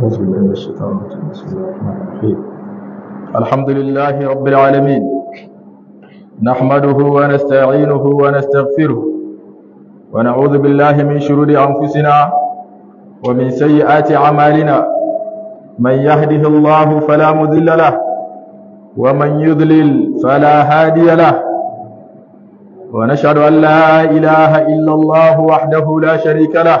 أعوذ بالله من الشيطان الرجيم بسم الله الرحمن الرحيم الحمد لله رب العالمين نحمده ونستعينه ونستغفره ونعوذ بالله من شرور أنفسنا ومن سيئات أعمالنا من يهده الله فلا مضل له ومن يضلل فلا هادي له ونشهد أن لا إله إلا الله وحده لا شريك له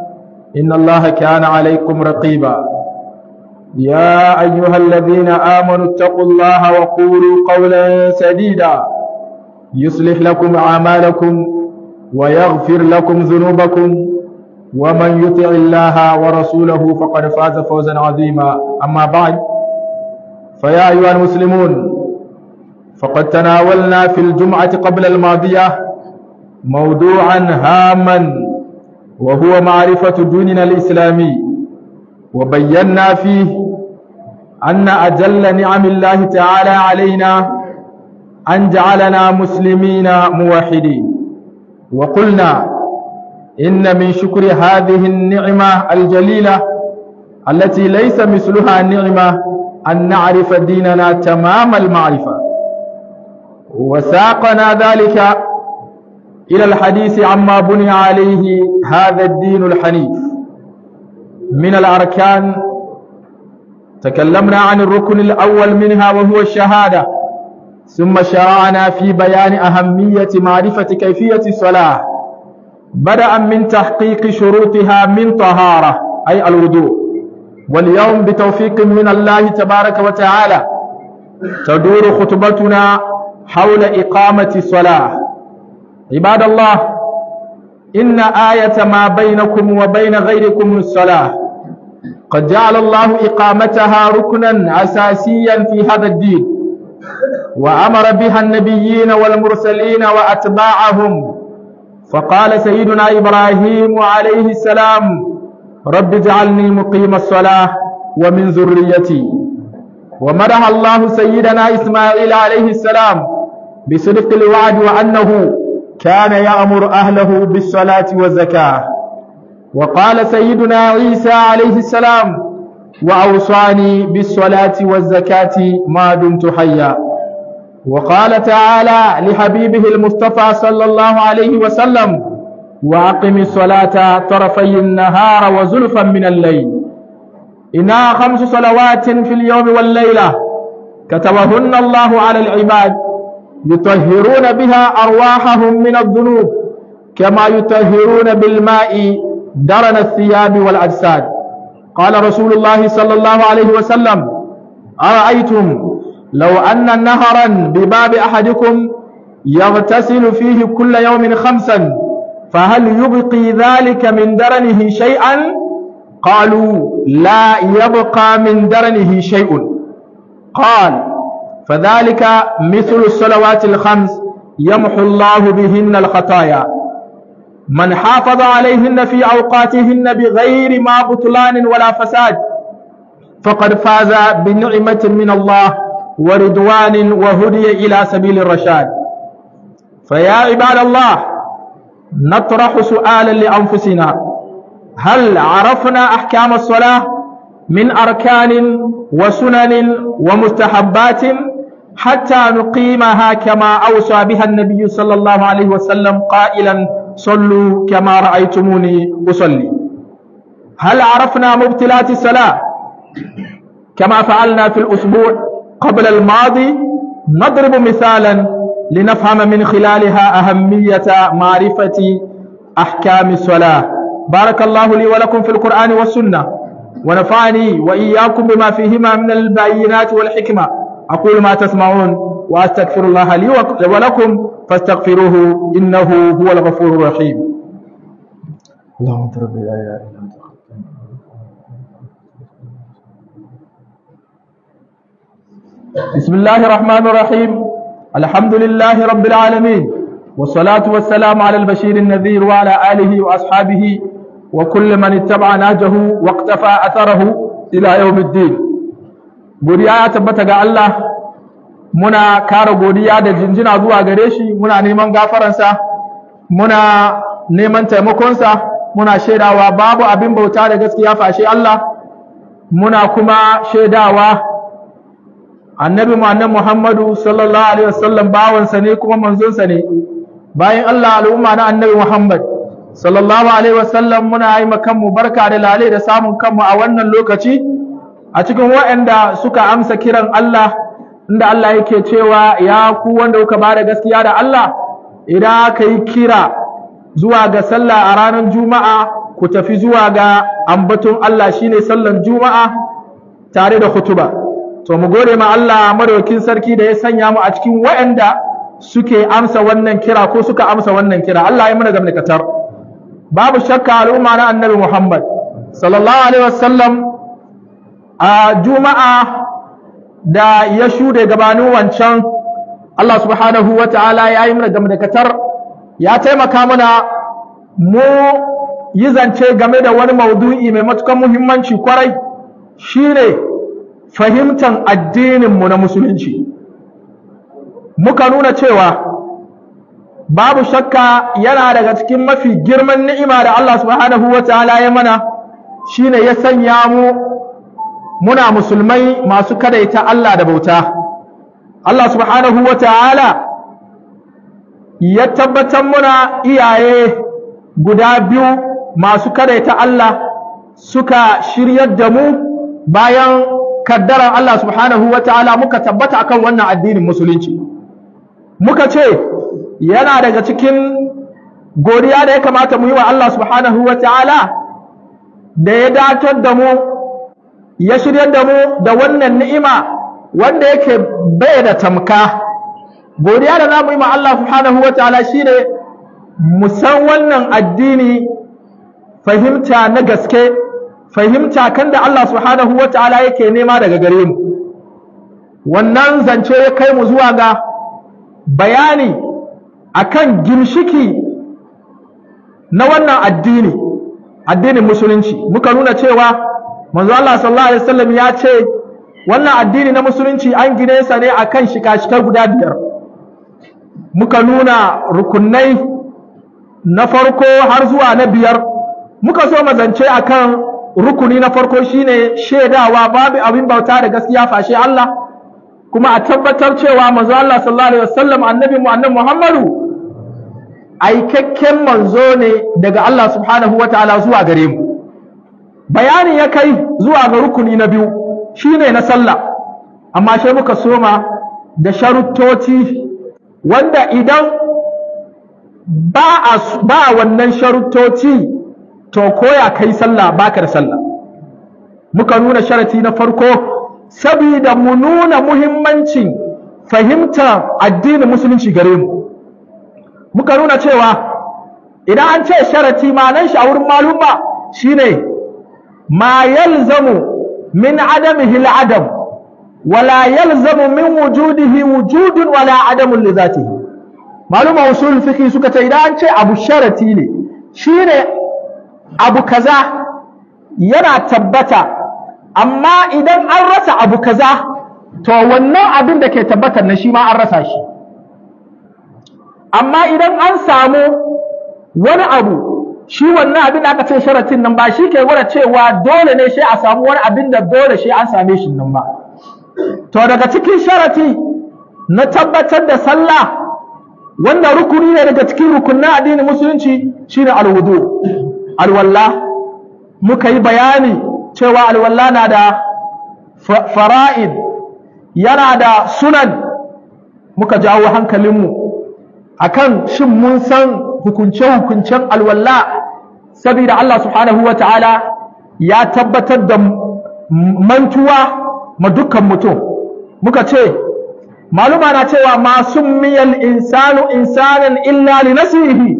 إن الله كان عليكم رقيبا يا أيها الذين آمنوا اتقوا الله وقولوا قولا سديدا يصلح لكم أعمالكم ويغفر لكم ذنوبكم ومن يطع الله ورسوله فقد فاز فوزا عظيما أما بعد فيا أيها المسلمون فقد تناولنا في الجمعة قبل الماضية موضوعا هاما وهو معرفة ديننا الإسلامي وبينا فيه أن أجل نعم الله تعالى علينا أن جعلنا مسلمين موحدين وقلنا إن من شكر هذه النعمة الجليلة التي ليس مثلها نعمة أن نعرف ديننا تمام المعرفة وساقنا ذلك إلى الحديث عما بني عليه هذا الدين الحنيف من الأركان تكلمنا عن الركن الأول منها وهو الشهادة ثم شرعنا في بيان أهمية معرفة كيفية الصلاة بدءا من تحقيق شروطها من طهارة أي الوضوء واليوم بتوفيق من الله تبارك وتعالى تدور خطبتنا حول إقامة الصلاة عباد الله إن آية ما بينكم وبين غيركم الصلاة قد جعل الله إقامتها ركنا أساسيا في هذا الدين وأمر بها النبيين والمرسلين وأتباعهم فقال سيدنا إبراهيم عليه السلام رب اجعلني مقيم الصلاة ومن ذريتي ومدح الله سيدنا إسماعيل عليه السلام بصدق الوعد وأنه كان يأمر أهله بالصلاة والزكاة وقال سيدنا عيسى عليه السلام وأوصاني بالصلاة والزكاة ما دمت حيا وقال تعالى لحبيبه المصطفى صلى الله عليه وسلم وأقم الصلاة طرفي النهار وزلفا من الليل إنها خمس صلوات في اليوم والليلة كتبهن الله على العباد يطهرون بها أرواحهم من الذنوب كما يطهرون بالماء درن الثياب والأجساد قال رسول الله صلى الله عليه وسلم أرأيتم لو أن نهرا بباب أحدكم يغتسل فيه كل يوم خمسا فهل يبقي ذلك من درنه شيئا قالوا لا يبقى من درنه شيء قال فذلك مثل الصلوات الخمس يمحو الله بهن الخطايا من حافظ عليهن في أوقاتهن بغير ما بطلان ولا فساد فقد فاز بنعمة من الله ورضوان وهدي إلى سبيل الرشاد فيا عباد الله نطرح سؤالا لأنفسنا هل عرفنا أحكام الصلاة من أركان وسنن ومستحبات؟ حتى نقيمها كما أوصى بها النبي صلى الله عليه وسلم قائلا صلوا كما رأيتموني أصلي هل عرفنا مبتلات الصلاة كما فعلنا في الأسبوع قبل الماضي نضرب مثالا لنفهم من خلالها أهمية معرفة أحكام الصلاة بارك الله لي ولكم في القرآن والسنة ونفعني وإياكم بما فيهما من البينات والحكمة أقول ما تسمعون وأستغفر الله لي ولكم فاستغفروه إنه هو الغفور الرحيم اللهم رب لا إله إلا أنت بسم الله الرحمن الرحيم الحمد لله رب العالمين والصلاة والسلام على البشير النذير وعلى آله وأصحابه وكل من اتبع ناجه واقتفى أثره إلى يوم الدين godiya ya tabbata ga Allah muna kara godiya da jinjina zuwa gare shi muna neman gafaransa muna neman taimakonsa muna shaidawa babu abin bauta da gaskiya fashe Allah muna kuma shaidawa annabi annan Muhammadu sallallahu alaihi wasallam bawansa ne kuma manzonsa ne bayan Allah al'umma na annabi Muhammad sallallahu alaihi wasallam muna yi kanmu barka da lale da samun kanmu a wannan lokaci a cikin waɗanda suka amsa kiran Allah inda Allah yake cewa ya ku wanda kuka ba da gaskiya da Allah idan ka yi kira zuwa ga sallah a ranar juma'a ku tafi zuwa ga ambaton Allah shine sallan juma'a tare da hutuba to mu gode ma Allah madaukin sarki da ya sanya mu a cikin waɗanda suke amsa wannan kira ko suka amsa wannan kira Allah ya mana gamnakatar babu shakka al'umma na annabi Muhammad sallallahu alaihi wasallam a juma'a da ya shuɗe gabanin wancan Allah subhanahu wa ta'ala ya yi mana katar ya taimaka mana mu yi zance game da wani maudu'i mai matukan muhimmanci kwarai shine fahimtar addininmu na musulunci muka nuna cewa babu shakka yana daga cikin mafi girman ni'ima da Allah subhanahu wa ta'ala ya mana shine ya sanya mu muna musulmai masu kadaita Allah da bauta Allah subhanahu wa ta'ala ya tabbatar muna iyaye guda biyu masu kadaita Allah suka shiryar da mu bayan kaddarar Allah subhanahu wa ta'ala muka tabbata akan wannan addinin musulunci muka ce yana daga cikin godiya da ya kamata mu yi wa Allah subhanahu wa ta'ala da ya datar da mu ya shiryar da mu da wannan ni'ima wanda yake bai da tamka godiya da namu ima Allah subhanahu wataala shine mu san wannan addini fahimta na gaske fahimta kan da Allah subhanahu wataala yake nema daga gare mu wannan zance ya kai mu zuwa ga bayani akan ginshiki na wannan addini addinin musulunci muka nuna cewa manzo Allah sallallahu alaihi wasallam ya ce wannan addini na musulunci an gine sa ne akan shika-shika guda biyar muka nuna rukunai na farko har zuwa na biyar muka so mazance akan rukuni na farko shine shaidawa babu abin bauta da gaskiya fashe Allah kuma a tabbatar cewa manzo Allah sallallahu alaihi wasallam annabi mu annabi Muhammadu aikakken manzo ne daga Allah subhanahu wataala zuwa gare mu bayani ya kai zuwa ga rukuni na biyu shine na sallah amma sai muka soma da sharuttoci wanda idan ba ba wannan sharuttoci to koya kai sallah baka da sallah muka nuna sharati na farko sabida mu nuna muhimmancin fahimta addinin musulunci gare mu muka nuna cewa idan an ce sharati malan shi a wurin malumma shine ma yalzamu min adamihi al'adam wala yalzamu min wujudihi wujudun wala adamun li zatihi maluma usul suka ce idan an ce abu sharati ne shine abu kaza yana tabbata amma idan an rasa abu kaza to wannan abin da ke tabbatar na shi ma an rasa shi amma idan an samu wani abu shi wannan abin da aka ce sharatin nan ba shi ke gwada cewa dole ne shi a samu wani abin da dole shi an same shi nan ba to daga cikin sharati na tabbatar da sallah wanda rukuni ne daga cikin rukunin addinin musulunci shine alwudu alwalla muka yi bayani cewa alwalla na da fara'in, yana da sunan muka jawo hankalinmu akan shin mun san hukunce-hukuncen alwalla saboda Allah subhanahu wa ta'ala ya tabbatar da mantuwa ma dukkan mutum muka ce maluma na cewa masu miyan insanu insanan illa li nasihi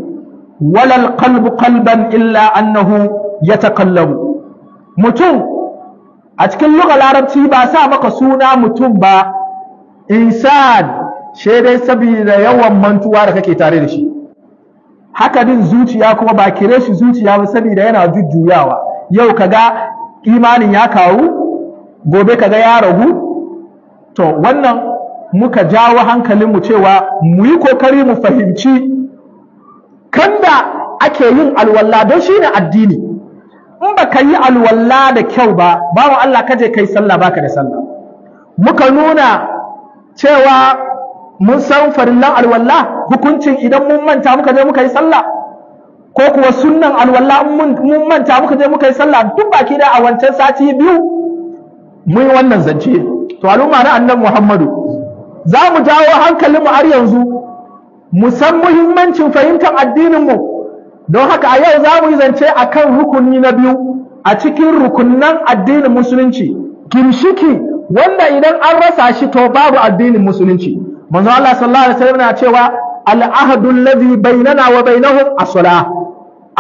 walal qalbu qalban illa annahu yatakallamu mutum a cikin lugar larabci ba sa maka suna mutum ba insan shi dai saboda yawan mantuwa da kake tare da shi haka din zuciya kuma ba kire shi zuciya ba saboda yana jujjuyawa yau kaga imanin ya karu gobe kaga ya ragu to wannan muka jawo hankalinmu cewa mu yi kokari mu fahimci kanda ake yin alwala don shine addini in ba ka yi alwala da kyau ba bawa Allah kaje kai sallah baka da sallah muka nuna cewa mun san farillan alwalla hukuncin idan mun manta muka je muka yi sallah ko kuwa sunnan alwalla mun manta muka je muka yi sallah duk baki da a wancan sati biyu mun yi wannan zance to al'umma na annan muhammadu za mu jawo hankalinmu har yanzu mu san muhimmancin fahimtar addinin mu don haka a yau za mu yi zance a kan rukuni na biyu a cikin rukunan addinin musulunci Kimshiki, wanda idan an rasa shi to babu addinin musulunci manzo Allah sallallahu alaihi wasallam na cewa al-ahdu alladhi bainana wa bainahum as-salah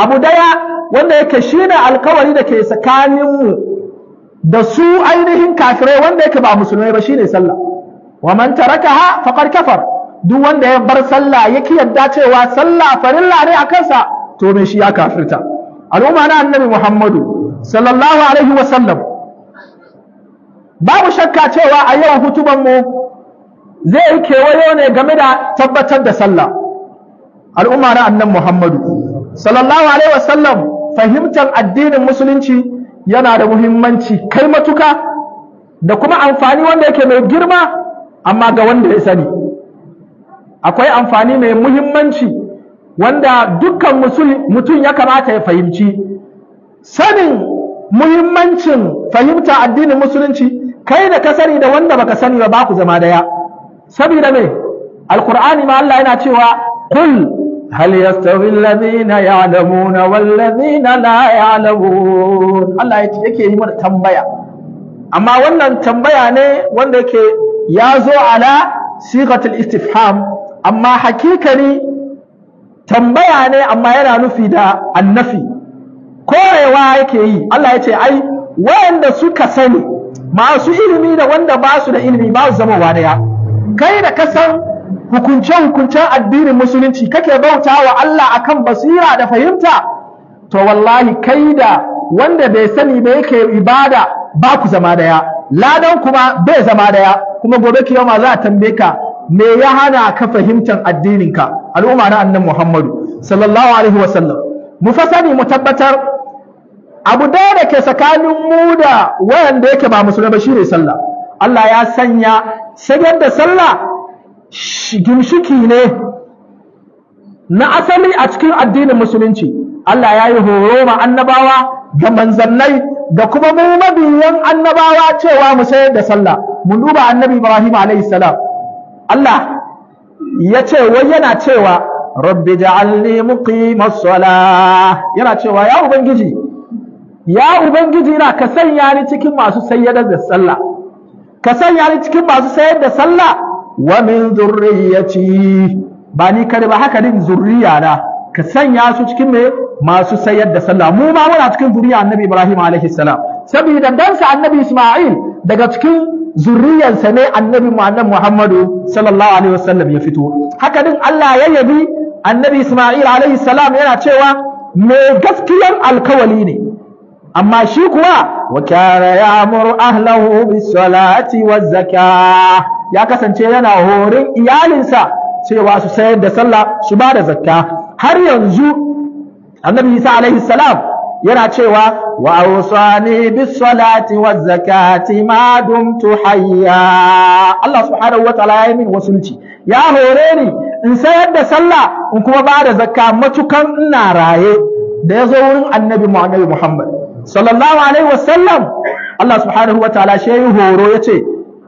abu daya wanda yake shine alkawari da ke tsakanin mu da su ainihin kafirai wanda yake ba musulmai ba shine sallah wa man tarakaha faqad kafar duk wanda ya bar sallah yake yadda cewa sallah farilla ne a kansa to me shi ya kafirta al'umma na annabi Muhammadu sallallahu alaihi wasallam babu shakka cewa a yau hutuban mu zai yi kewayo ne game da tabbatar da sallah al'umma na annan muhammadu sallallahu alaihi wasallam fahimtar addinin musulunci yana da muhimmanci kai matuka da kuma amfani wanda yake mai girma amma ga wanda ya sani akwai amfani mai muhimmanci wanda dukkan mutum ya kamata ya fahimci sanin muhimmancin fahimta addinin musulunci kai da ka sani da wanda baka sani ba ku zama daya saboda me alqur'ani ma Allah yana cewa kul hal yastawi alladhina ya'lamuna wal ladhina la ya'lamun Allah yake yi mana tambaya amma wannan tambaya ne wanda yake ya zo ala sigatul istifham amma hakikani tambaya ne amma yana nufi da annafi korewa yake yi Allah ya ce ai wayanda suka sani masu ilimi da wanda ba su da ilimi ba su zama wa kai da kasan hukunce-hukuncen addinin musulunci kake bauta wa Allah akan basira da fahimta to wallahi kai da wanda bai sani ba yake ibada ba ku zama daya ladan kuma bai zama daya kuma gobe ma za a tambaye ka me ya hana ka fahimtar addininka al'umma na annabi Muhammadu sallallahu alaihi wasallam mu fasani mu tabbatar abu da da ke tsakanin mu da wanda yake ba musulmi ba shine sallah Allah ya sanya shigar da sallah ginshiki ne na asali a cikin addinin musulunci Allah ya yi horo ma annabawa da manzannai da kuma mu mabiyan annabawa cewa mu sayar da sallah mu duba annabi Ibrahim alayhi salam Allah ya ce wai yana cewa rabbi ja'alni muqimas salah yana cewa ya ubangiji ya ubangiji na ka sanya ni cikin masu sayyadar da sallah ka sanya ni cikin masu sayar da sallah wa min zurriyati ba ni kare ba haka din zurriya na ka sanya su cikin me masu sayar da sallah mu ma muna cikin zuriya annabi Ibrahim alaihi salam saboda dansa annabi Isma'il daga cikin zuriyarsa ne annabi Muhammad Muhammadu sallallahu alaihi wasallam ya fito haka din Allah ya yabi annabi Isma'il alaihi salam yana cewa me gaskiyar alkawali ne amma shi kuwa wa ya muru ahlahu bis salati waz ya kasance yana horin iyalinsa cewa su sayar da sallah su ba da zakka har yanzu annabi Isa alaihi salam yana cewa wa awsani bis salati waz zakati ma dumtu hayya Allah subhanahu wa ta'ala ya min wasulci ya hore ni in sayar da sallah in kuma ba da zakka matukan ina raye da ya zo wurin annabi Muhammad sallallahu alaihi wasallam Allah subhanahu wa ta'ala shi horo ya ce,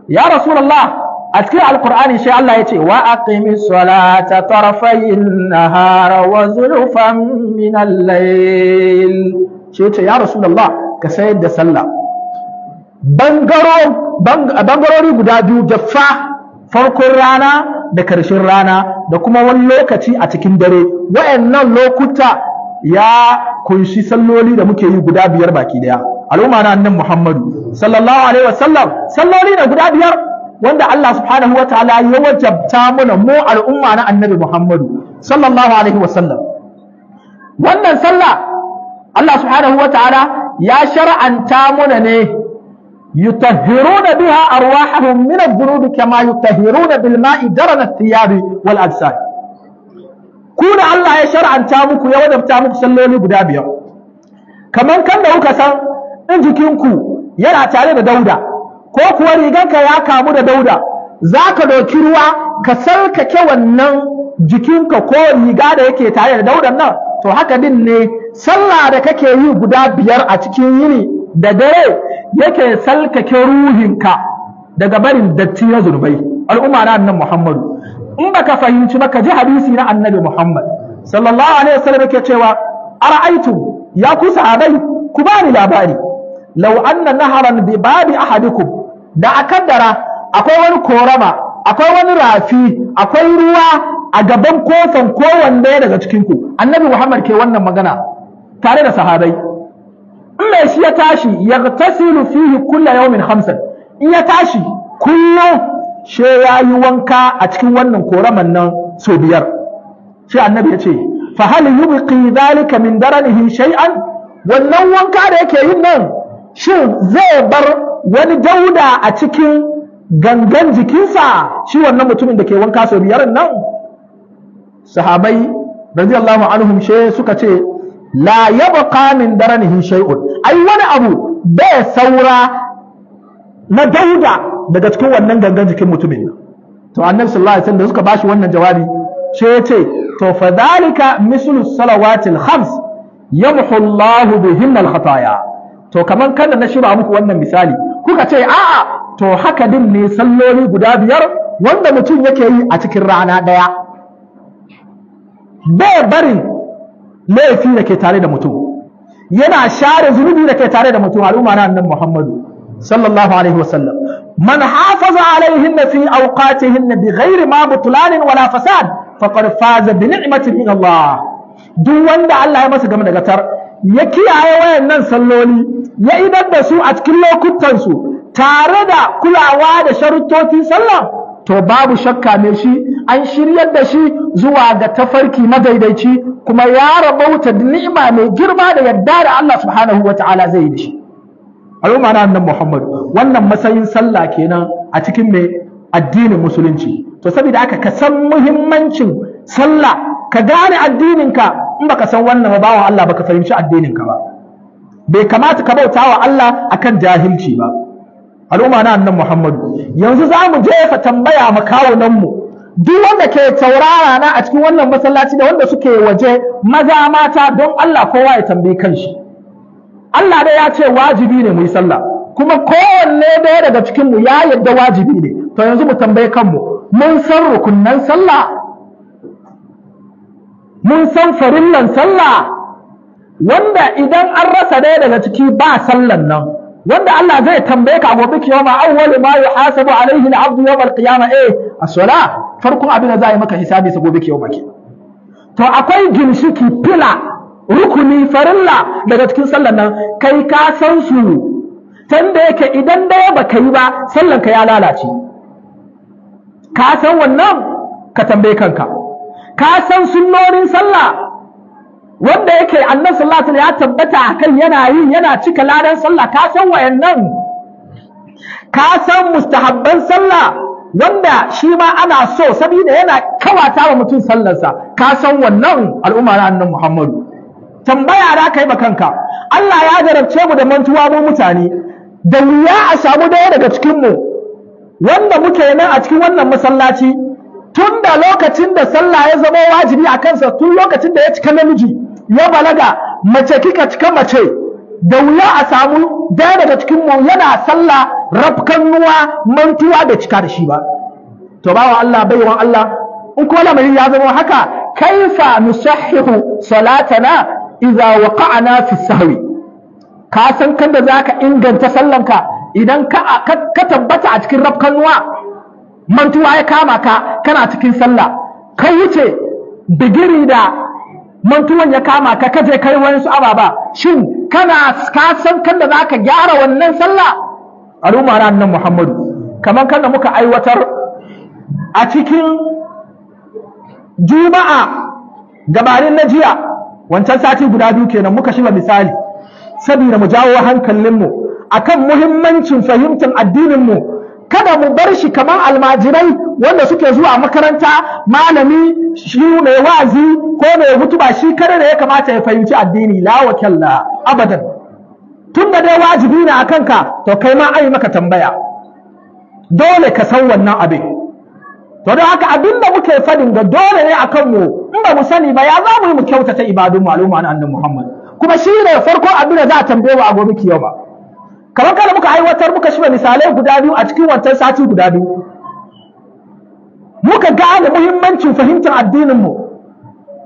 ya rasulallah, a cikin alkur'ani sai Allah ya ce wa aqimi salata tarafayin nahara wa zulfan min al-layl shi ce ya rasulallah, ka sayar da sallah bangaro bangarori guda biyu da fa farkon rana da ƙarshen rana da kuma wani lokaci a cikin dare waɗannan lokuta ya kunshi salloli da muke yi guda biyar baki daya al'umma na annan Muhammadu sallallahu alaihi wasallam salloli da guda biyar wanda Allah subhanahu wa ta'ala ya wajabta mana mu al'umma na annabi Muhammadu sallallahu alaihi wasallam wannan sallah Allah subhanahu wa ta'ala ya shar'anta mana ne yutahhiruna biha arwahahum min adh-dhunubi kama yutahhiruna bil ma'i darana ath-thiyabi wal ajsad ku da Allah ya shar'anta muku ya wadabta muku salloli guda biyar kamar kan da kuka san in jikinku yana tare da dauda ko kuwa riganka ya kamu da dauda za ka ɗauki ruwa ka sarkake wannan jikinka ko riga da yake tare da daudan nan to haka din ne sallah da kake yi guda biyar a cikin yini da dare yake salkake ruhinka daga barin datti na zunubai al'umma na nan muhammadu in baka fahimci ba ka ji hadisi na annabi Muhammad sallallahu alaihi wasallam yake cewa ara'aytum ya ku sahabai ku bani labari law anna naharan bi babi ahadikum da dara akwai wani korama akwai wani rafi akwai ruwa a gaban kofan kowanne daga cikin ku annabi Muhammad ke wannan magana tare da sahabai in mai shi ya tashi yaghtasilu fihi kulla yawmin khamsan in ya tashi kullum she ya yi wanka a cikin wannan koraman nan sau biyar shi annabi ya ce fa hal yubqi dhalika min daranihi shay'an wannan wanka da yake yin nan shin zai bar wani dauda a cikin gangan jikinsa shi wannan mutumin da ke wanka sau biyar nan sahabai radiyallahu anhum she suka ce la yabqa min daranihi shay'un ai wani abu bai saura na dauda daga cikin wannan gangan jikin mutumin nan to annabi sallallahu alaihi wasallam da suka bashi wannan jawabi sai ya ce to fa dalika mislu salawatil khams yamhu Allah bihinna al khataya to kamar kada na shirya muku wannan misali kuka ce a'a to haka din ne salloli guda biyar wanda mutum yake yi a cikin rana daya bai bari laifi da ke tare da mutum yana share zunubi da ke tare da mutum al'umma na annabi Muhammadu sallallahu alaihi wasallam man hafaza alaihin fi awqatihin bi ghairi ma butlanin wala fasad faqad faza bi ni'matin Allah duk wanda Allah ya masa game da gatar ya kiyaye wayannan salloli ya idar da su a cikin lokutan su tare da kulawa da sharuttocin sallah to babu shakka ne shi an shiryar da shi zuwa ga tafarki madaidaici kuma ya rabauta ni'ima mai girma da yarda da Allah subhanahu wa ta'ala zai yi da al'umma na annabi Muhammad wannan matsayin sallah kenan a cikin mai addinin musulunci to saboda aka ka san muhimmancin sallah ka gane addininka in baka san wannan ba bawa Allah baka fahimci addininka ba bai kamata ka bauta wa Allah akan jahilci ba al'umma na annabi Muhammad yanzu za mu jefa tambaya makawunan mu duk wanda ke taurara na a cikin wannan masallaci da wanda suke waje maza mata don Allah kowa ya tambayi kanshi Allah dai ya ce wajibi ne mu yi sallah kuma kowanne daya daga cikin mu ya yadda wajibi ne to yanzu mu tambaye kanmu mun san rukunnan sallah mun san farillan sallah wanda idan an rasa daya daga ciki ba sallan nan wanda Allah zai tambaye ka gobe kiyama awwal ma yuhasabu alaihi al-abdu yawm al qiyama eh as-salah farkon abin da za a yi maka hisabi sa gobe kiyama to akwai ginshiki fila rukuni farilla daga cikin sallan nan kai ka san su tanda yake idan daya ba ka yi ba sallan ka ya lalace ka san wannan ka tambaye kanka ka san sunnorin sallah wanda yake annabi sallallahu alaihi ya tabbata kan yana yi yana cika ladan sallah ka san wayannan ka san mustahabban sallah wanda shi ma ana so saboda yana kawata wa mutum sallarsa ka san wannan al'umma na annabi Muhammadu tambaya da ka yi kanka Allah ya jarabce mu da mantuwa mu mutane da wuya a samu daya daga cikin mu wanda muke nan a cikin wannan masallaci tun da lokacin da sallah ya zama wajibi a kansa tun lokacin da ya cika namiji ya balaga mace kika cika mace da wuya a samu daya daga cikin mu yana sallah rafkan nuwa mantuwa da cika da shi ba to bawa Allah baiwan Allah in kuma lamarin ya zama haka kaifa nusahihu salatana iza waqa'ana fi sahwi ka san kanda zaka inganta sallanka idan ka tabbata a cikin rafkanuwa mantuwa ya kama ka kana cikin sallah ka wuce bigiri da mantuwan ya kama ka kaje kai su ababa shin kana ka san kanda zaka gyara wannan sallah al'umma ran nan Muhammadu kamar kanda muka aiwatar a cikin juma'a gabanin na jiya wancan sati guda biyu kenan muka shiga misali saboda mu jawo hankalinmu akan muhimmancin fahimtar addininmu kada mu bar shi kamar almajirai wanda suke zuwa makaranta malami shi mai wazi ko mai hutuba shi kada da ya kamata ya fahimci addini la wa abadan tun da dai wajibi ne a kanka to kai ma ai maka tambaya dole ka san wannan abin to don haka abin da muke fadin ga dole ne akan mu ba mu sani ba ya za mu yi mu kyautata ibadun maluma na annabi Muhammad kuma shi ne farko abin da za a tambaye wa a gobe ba kamar kada muka aiwatar muka shiga misalai guda biyu a cikin wancan sati guda biyu muka gane muhimmancin fahimtar addinin mu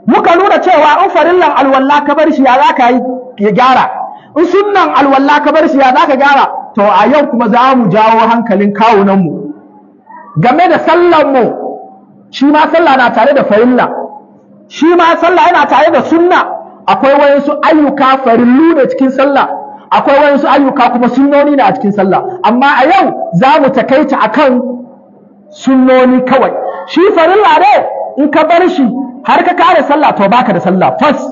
muka nuna cewa in farillan alwalla ka bar shi ya za ka yi ya gyara in sunnan alwalla ka bar shi ya za ka gyara to a yau kuma za mu jawo hankalin kawunan mu game da sallan mu shi ma sallah na tare da farilla shi ma sallah yana tare da sunna akwai wayansu ayyuka farillu ne cikin sallah akwai wayansu ayyuka kuma sunnoni na a cikin sallah amma a yau za mu takaita kan sunnoni kawai shi farilla ne in ka bar shi har ka kare sallah to baka da sallah fas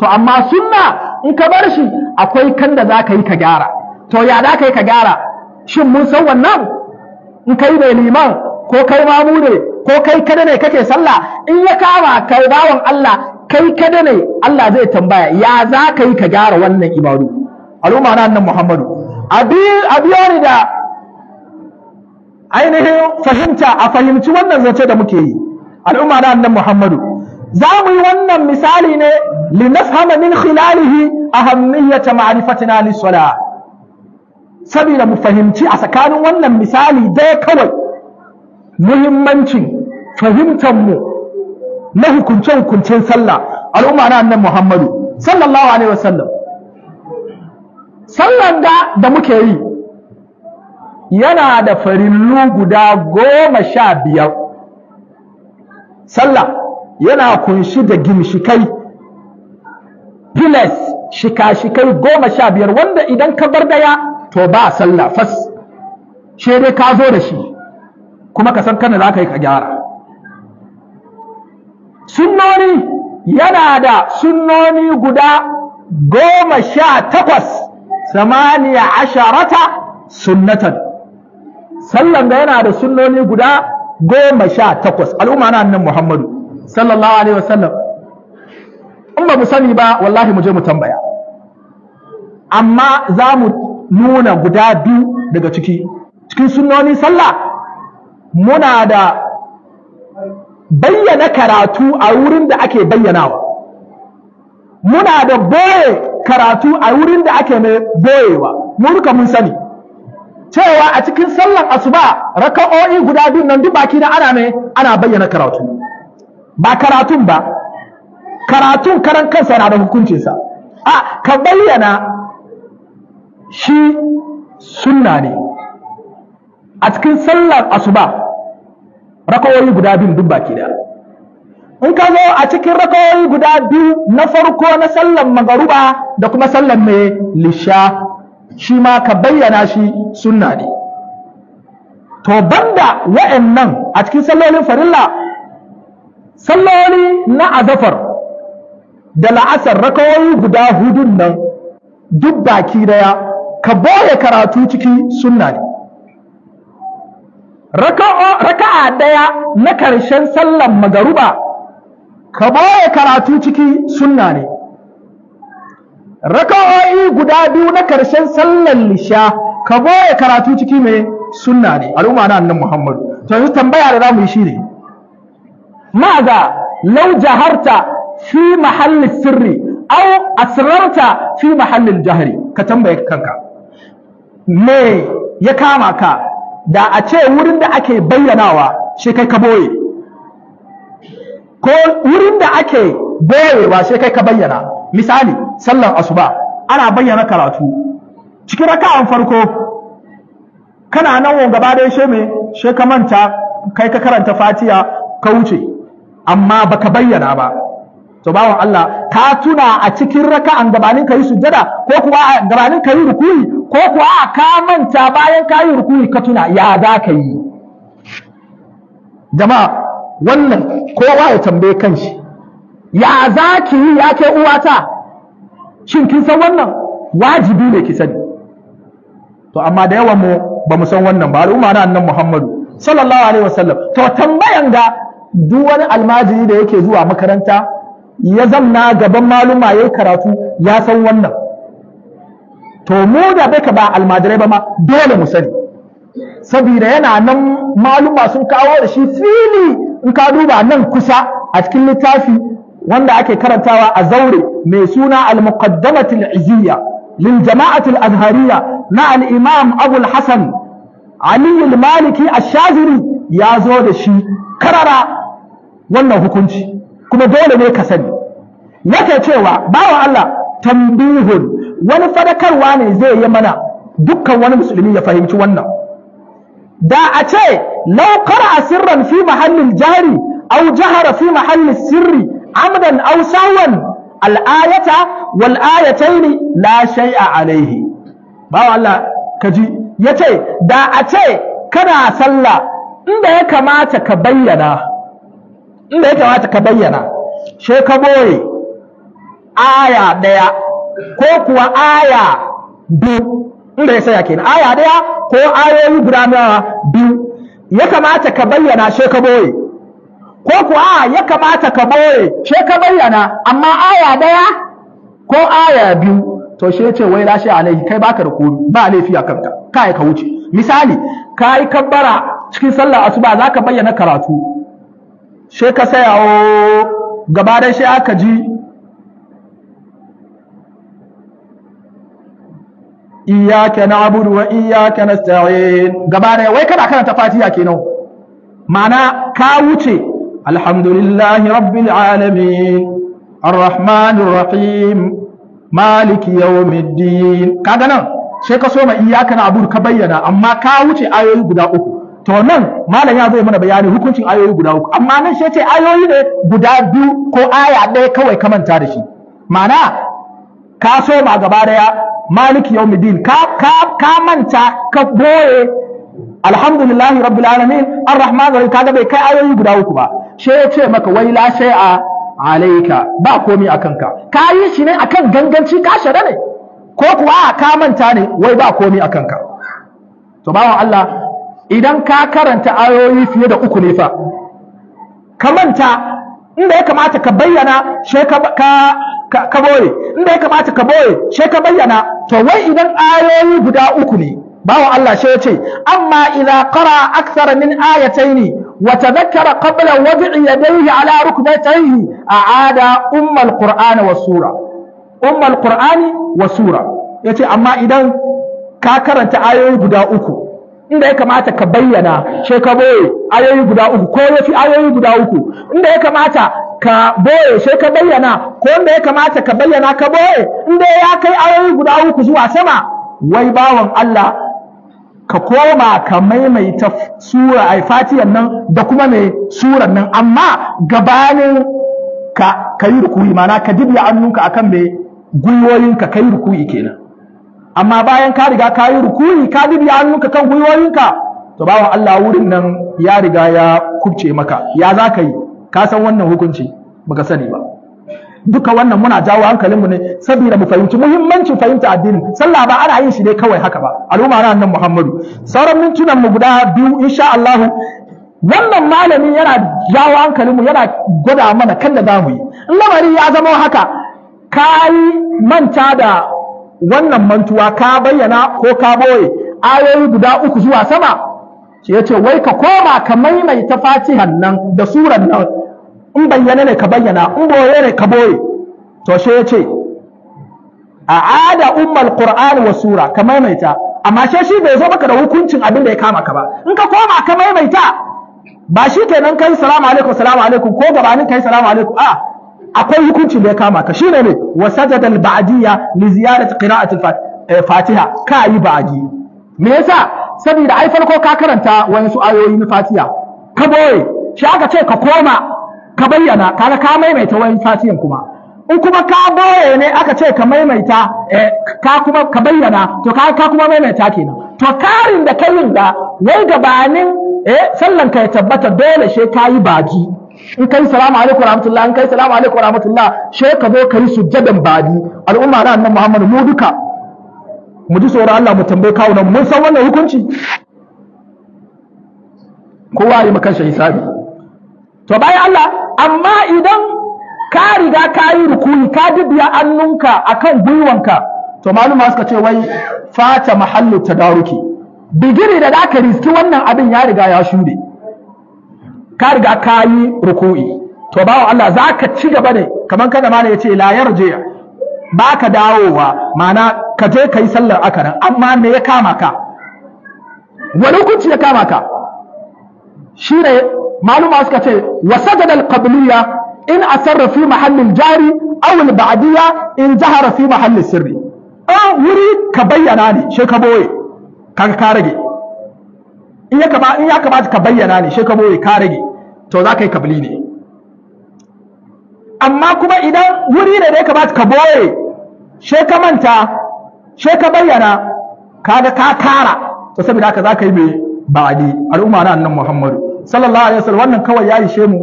to amma sunna in ka bar shi akwai kan da za ka yi ka gyara to ya za ka yi ka gyara shin mun san wannan in kai mai liman ko kai mamu ne ko kai kada ne kake sallah in ya kama kai bawan Allah kai kada ne Allah zai tambaya ya za ka yi ka gyara wannan ibadu al'umma na annan Muhammadu a biyo da ainihin fahimta a fahimci wannan zance da muke yi al'umma na annan Muhammadu za mu yi wannan misali ne nafhama min khilalihi ahammiyata ma'rifatina lis-salah saboda mu fahimci a tsakanin wannan misali dai kawai muhimmancin fahimtar mu na hukunce-hukuncen sallah al'umma na annan Muhammadu sallallahu alaihi wasallam sallan da da muke yi yana da farillu guda goma sha biyar sallah yana kunshi da gimshikai pilas shika-shikai goma sha biyar wanda idan ka bar daya to ba sallah fas shere dai ka zo da shi kuma ka san kana za ka yi ka gyara sunnoni yana da sunnoni guda goma sha takwas samaniya asharata sunnatan sallan da yana da sunnoni guda goma sha takwas al'umma na nan muhammadu sallallahu alaihi wasallam in ba mu sani ba wallahi mu je mu tambaya amma za mu nuna guda biyu daga ciki cikin sunnoni sallah muna da bayyana karatu a wurin da ake bayyanawa muna da boye karatu a wurin da ake mai boyewa mu mun sani cewa a cikin sallar asuba raka'o'i guda biyu nan duk baki na ana mai ana bayyana karatu ba karatun ba karatun karan kansa na da hukuncinsa a ka bayyana shi sunna ne a cikin sallar asuba rakawoyi guda biyu duk baki da in ka zo a cikin rakawoyi guda biyu na farko na sallan magaruba da kuma sallan mai lisha shi ma ka bayyana shi sunna ne to banda wa'annan a cikin sallolin farilla salloli na azafar da la'asar rakawoyi guda hudun nan duk baki daya ka boye karatu ciki sunna ne raka'a ɗaya na ƙarshen sallan magaruba ka boye karatu ciki sunna ne raka'o'i guda biyu na ƙarshen sallan lisha ka boye karatu ciki mai sunna ne al'umma na annan muhammadu to yanzu tambaya da zamu yi ne. ma'aza law jaharta fi mahalli sirri au asrarta fi mahallin jahri ka tambaye kanka me ya kama ka da a ce wurin da ake bayyanawa shi kai ka boye ko wurin da ake boyewa shi kai ka bayyana misali sallar asuba ana bayyana karatu cikin an farko kana nan wanga gaba dai she me she ka manta kai ka karanta fatiya ka wuce amma baka bayyana ba to bawan Allah ka tuna a cikin raka'an gabanin kayi sujjada ko kuwa a gabanin kayi rukuni, ko kuwa a ka manta bayan kayi rukuni ka tuna ya za ka yi jama'a wannan kowa ya tambaye kanshi ya za ki yi ya ke uwata shin kin san wannan wajibi ne ki sani to amma da yawan mu ba mu san wannan ba al'umma na annan Muhammadu sallallahu alaihi wasallam to tambayan ga duk wani almajiri da yake zuwa makaranta ya zanna gaban maluma ya karatu ya san wannan to mu da baka ba almajirai ba ma dole mu sani saboda yana nan maluma sun kawo da shi fili in ka duba nan kusa a cikin littafi wanda ake karantawa a zaure mai suna al-muqaddamatul iziyya lil jama'atul na al-imam abul hasan ali al-maliki ash-shaziri ya zo da shi karara wannan hukunci kuma dole ne ka sani yake cewa bawa Allah tambihun wani fadakarwa ne zai yi mana dukkan wani musulmi ya fahimci wannan da a ce law a sirran fi mahallil jari, au jahara fi mahallil sirri amdan au sawan al'ayata ayata wal ayataini la shay'a alaihi bawa Allah kaji yace da a ce kana sallah inda ya kamata ka bayyana inda ya kamata ka bayyana sai ka boye aya daya ko kuwa aya biyu inda ya saya kenan aya daya ko ayoyi guda nawa biyu ya kamata ka bayyana sai ka boye ko kuwa ya kamata ka boye sai ka bayyana amma aya daya, ko aya biyu to shi ce wai rashi alaihi kai baka da kuri ba laifi a kanka kai ka wuce misali kai kabbara cikin sallar asuba zaka bayyana karatu she ka saya o gaba da shi aka ji iyyaka na'budu wa iyyaka nasta'in gaba da wai kana karanta fatiha kenan ma'ana ka wuce alhamdulillahi rabbil alamin arrahmanir rahim maliki yawmiddin kaga nan she ka so ma iyyaka na'budu ka bayyana amma ka wuce ayoyi guda uku to nan malam ya zo mana bayani hukuncin ayoyi guda uku amma nan sai ce ayoyi ne guda biyu ko aya ɗaya kawai ka manta da shi ma'ana ka so ma gaba daya maliki yawmiddin ka ka ka manta ka boye alhamdulillahi rabbil alamin arrahmanir ka ga bai kai ayoyi guda uku ba Sai ya ce maka wai la a alaika ba komi akan ka ka yi shi ne akan ganganci ka shara ne ko kuwa ka manta ne wai ba komi akan ka to bawan Allah idan ka karanta ayoyi fiye da uku ne fa ka manta inda ya kamata ka bayyana she ka ka boye inda ya kamata ka boye she ka bayyana to wai idan ayoyi guda uku ne bawo Allah she yace amma idza qara akthar min ayataini wa tadhakkara qabla wad'i yadayhi ala rukbatayhi a'ada umma alqur'ana wa sura umma alqur'ani wa sura yace amma idan ka karanta ayoyi guda uku inda ya kamata ka bayyana sai ka boye ayoyi guda uku ko ya fi ayoyi guda uku inda ya kamata ka boye sai ka bayyana ko inda ya kamata ka bayyana ka boye inda ya kai ayoyi guda uku zuwa sama wai bawan Allah ka koma ka maimaita sura ai fatiyan nan da kuma mai suran nan amma gabanin ka kayi rukui mana ka dibya annunka akan mai gwiwoyinka kai rukui kenan amma bayan ka riga ka yi rukuyi ka dibi hannunka kan gwiwoyinka to bawan Allah wurin nan ya riga ya kubce maka ya za ka yi ka san wannan hukunci baka sani ba duka wannan muna jawo mu ne saboda mu fahimci muhimmancin fahimta addini sallah ba ana yin shi ne kawai haka ba al'umma na nan Muhammadu sauran mintunan mu guda biyu insha Allah wannan malamin yana jawo mu yana gwada mana kan da za mu yi lamari ya zama haka ka yi manta da wannan mantuwa ka bayyana ko ka boye ayoyi guda uku zuwa sama shi ya ce wai ka koma ka maimaita fatihan nan da suran nan in bayyana ne ka bayyana in boye ne ka boye to shi ya ce a ada ummal wa sura ka maimaita amma she shi bai zo maka da hukuncin abin da ya kama ka ba in ka koma ka maimaita ba shi kenan kai salamu alaikum salamu alaikum ko gabanin kai salamu alaikum a akwai hukunci da ya kama ka shine ne wa sajada al ba'diyya li ziyarat qira'at al eh, fatiha ka yi ba'di me yasa saboda ai farko ka karanta wayansu ayoyi na fatiha ka boye shi aka ce ka koma ka bayyana kaga ka maimaita wayan fatihan kuma in kuma ka boye ne aka ce ka maimaita eh, ka kuma ka bayyana to ka ka kuma maimaita kenan to karin da kayin da wai gabanin eh sallan ka ya tabbata dole she ka yi baki in kai salamu alaikum rahmatullah in kai salamu alaikum rahmatullah she ka zo kai sujjadan badi al'umma na annabi Muhammad mu duka mu ji tsoron Allah mu tambaye kawo nan mun san wannan hukunci kowa yi maka shi hisabi to bayan Allah amma idan ka riga ka yi rukuyi ka dubiya annunka akan gwiwanka to maluma suka ce wai fata mahallu tadaruki bigiri da zaka riski wannan abin ya riga ya shude ka riga ka yi ruku'i to bawa Allah za ka ci gaba ne kamar kada ma ya ce la yarje ba ka dawowa ma'ana ka je ka yi sallar akaran amma me ya kama ka wani hukunci ya kama ka shi ne maluma suka ce wa sajadal qabliya in asarra fi mahallin jari aw al ba'diya in jahara fi mahallin sirri a ah, wuri ka bayyana ne shi ka boye ka ka rage in ya kama in ya kamata ka bayyana ne shekaru ka boye ka rage to za ka yi kabli ne amma kuma idan wuri ne da ya kamata ka boye shi ka manta sheka bayyana kaga ka kara to saboda haka za ka yi mai ba'adi al'umma na annan Muhammadu sallallahu alaihi wasallam wannan kawai ya ishe mu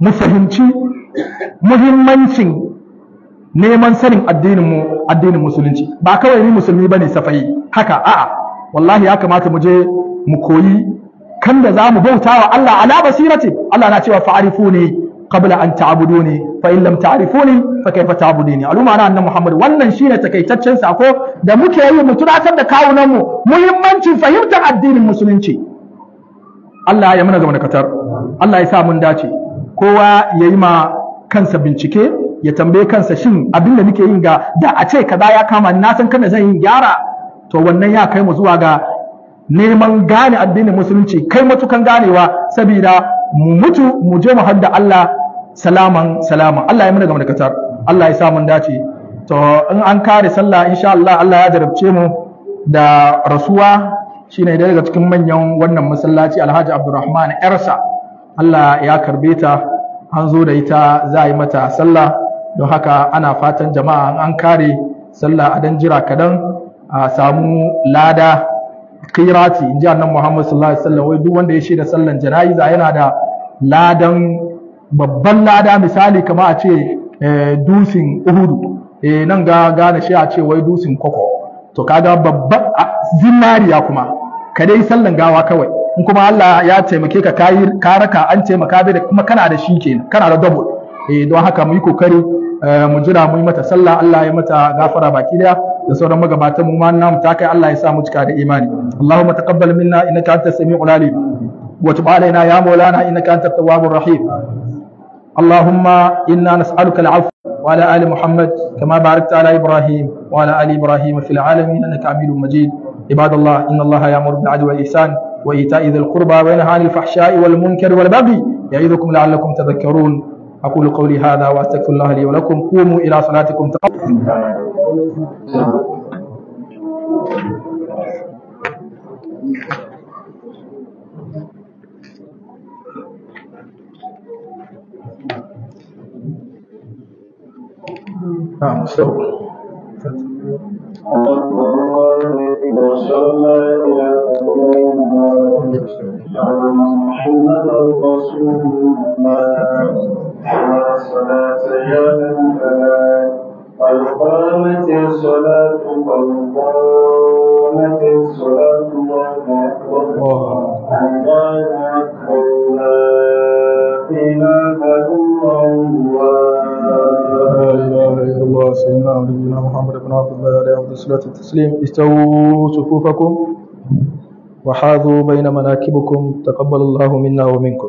mu fahimci muhimmancin neman sanin addinin mu addinin musulunci ba kawai ni musulmi bane safai haka a'a wallahi ya kamata mu je mu koyi kan da za mu bauta wa Allah ala basirati Allah na cewa fa'arifu ne qabla an ta'buduni fa in lam ta'rifuni fa kayfa ta'buduni aluma na annabi Muhammad wannan shine takaitaccen sako da muke yi mu tunatar da kawunan mu muhimmancin fahimtar addinin musulunci Allah ya mana ga Allah ya sa mun dace kowa ya yi ma kansa bincike ya tambaye kansa shin abin da muke yin ga da a ce kaza ya kama na san kada zan yi gyara to wannan ya kai mu zuwa ga neman gane addinin musulunci kai matukan ganewa saboda mu mutu mu je mu hadda Allah salaman salaman Allah ya muna game da katar Allah ya sa mun dace to in an kare sallah insha Allah Allah ya jarabce mu da rasuwa shine da daga cikin manyan wannan masallaci Alhaji Abdulrahman Ersa Allah ya karbe ta an zo da ita za a yi mata sallah don haka ana fatan jama'a an kare sallah a dan jira kadan a samu lada in ji annan Muhammad sallallahu alaihi wasallam wai duk wanda ya shaida sallan jana'iza yana da ladan babban lada misali kama a ce eh, dusin uhudu eh nan ga gane shi a ce wai dusin koko to kaga babban zinariya kuma ka dai sallan gawa kawai in kuma Allah ya taimake ka kayi karaka an taimaka bai da kuma kana da shi kenan kana da double eh don haka mu yi kokari eh, mu jira mu yi mata sallah Allah ya mata gafara baki daya da sauran magabatan mu ma namu ta kai Allah ya sa mu cika da imani Allahumma taqabbal minna innaka antas samiul alim wa tub alaina ya maulana innaka antat tawwabur rahim Allahumma inna nas'aluka al-'afwa wa ala ali Muhammad kama barakta ala Ibrahim wa ali Ibrahim fil alamin innaka 'alimul majid ibadallah inna Allah ya'muru bil 'adli wal ihsan wa ita'i dhil qurba wa yanha 'anil fahsha'i wal munkari wal baghi ya'idhukum la'allakum tadhakkarun أقول قولي هذا وأستغفر الله لي ولكم قوموا إلى صلاتكم تقبل نعم استوى محمد رسول الله على صلاة يا الفلاح قد قامت الصلاة قد قامت الصلاة الله أكبر الله أكبر لا إله إلا الله لا إله إلا الله سيدنا نبينا محمد بن عبد الله عليه أفضل الصلاة والتسليم استووا صفوفكم وحاذوا بين مناكبكم تقبل الله منا ومنكم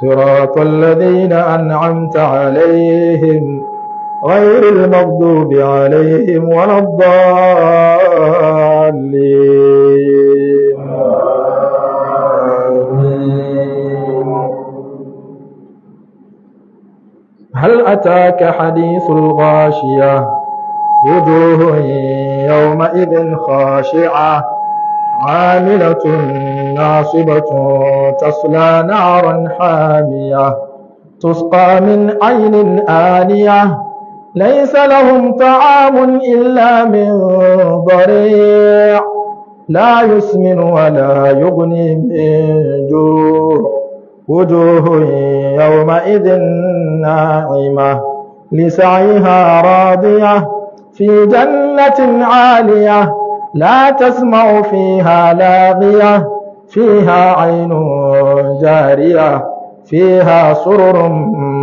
صراط الذين أنعمت عليهم غير المغضوب عليهم ولا الضالين هل أتاك حديث الغاشية وجوه يومئذ خاشعة عاملة ناصبة تصلى نارا حامية تسقى من عين آنية ليس لهم طعام إلا من ضريع لا يسمن ولا يغني من جوع وجوه يومئذ ناعمة لسعيها راضية في جنة عالية لا تسمع فيها لاغية فيها عين جارية فيها سرر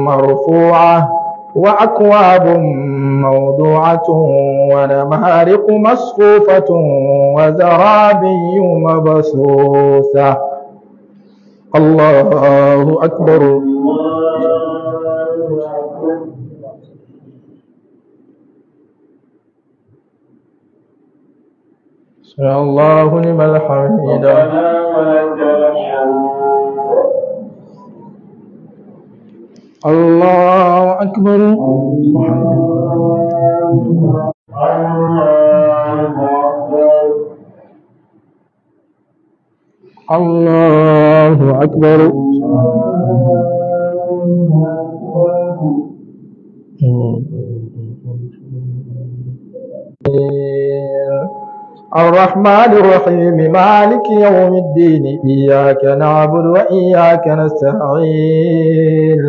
مرفوعة وأكواب موضوعة ونمارق مصفوفة وزرابي مبثوثة الله أكبر الله سمع الله لمن حمده الحمد الله أكبر الله أكبر الله أكبر الرحمن الرحيم مالك يوم الدين إياك نعبد وإياك نستعين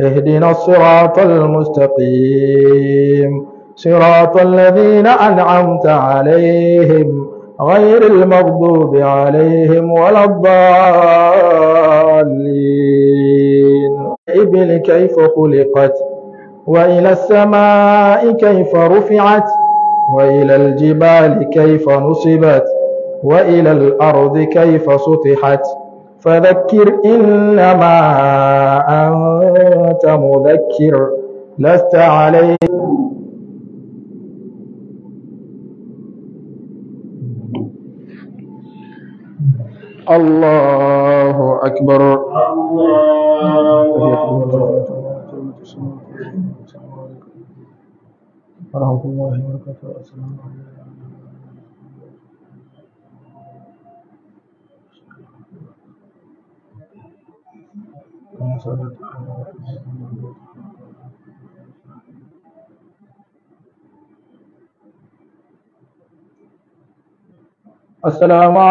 اهدنا الصراط المستقيم صراط الذين أنعمت عليهم غير المغضوب عليهم ولا الضالين إبل كيف خلقت وإلى السماء كيف رفعت وإلى الجبال كيف نصبت وإلى الأرض كيف سطحت فذكر إنما أنت مذكر لست عليه الله أكبر الله أكبر ورحمة الله وبركاته السلام عليكم كما السلام عليكم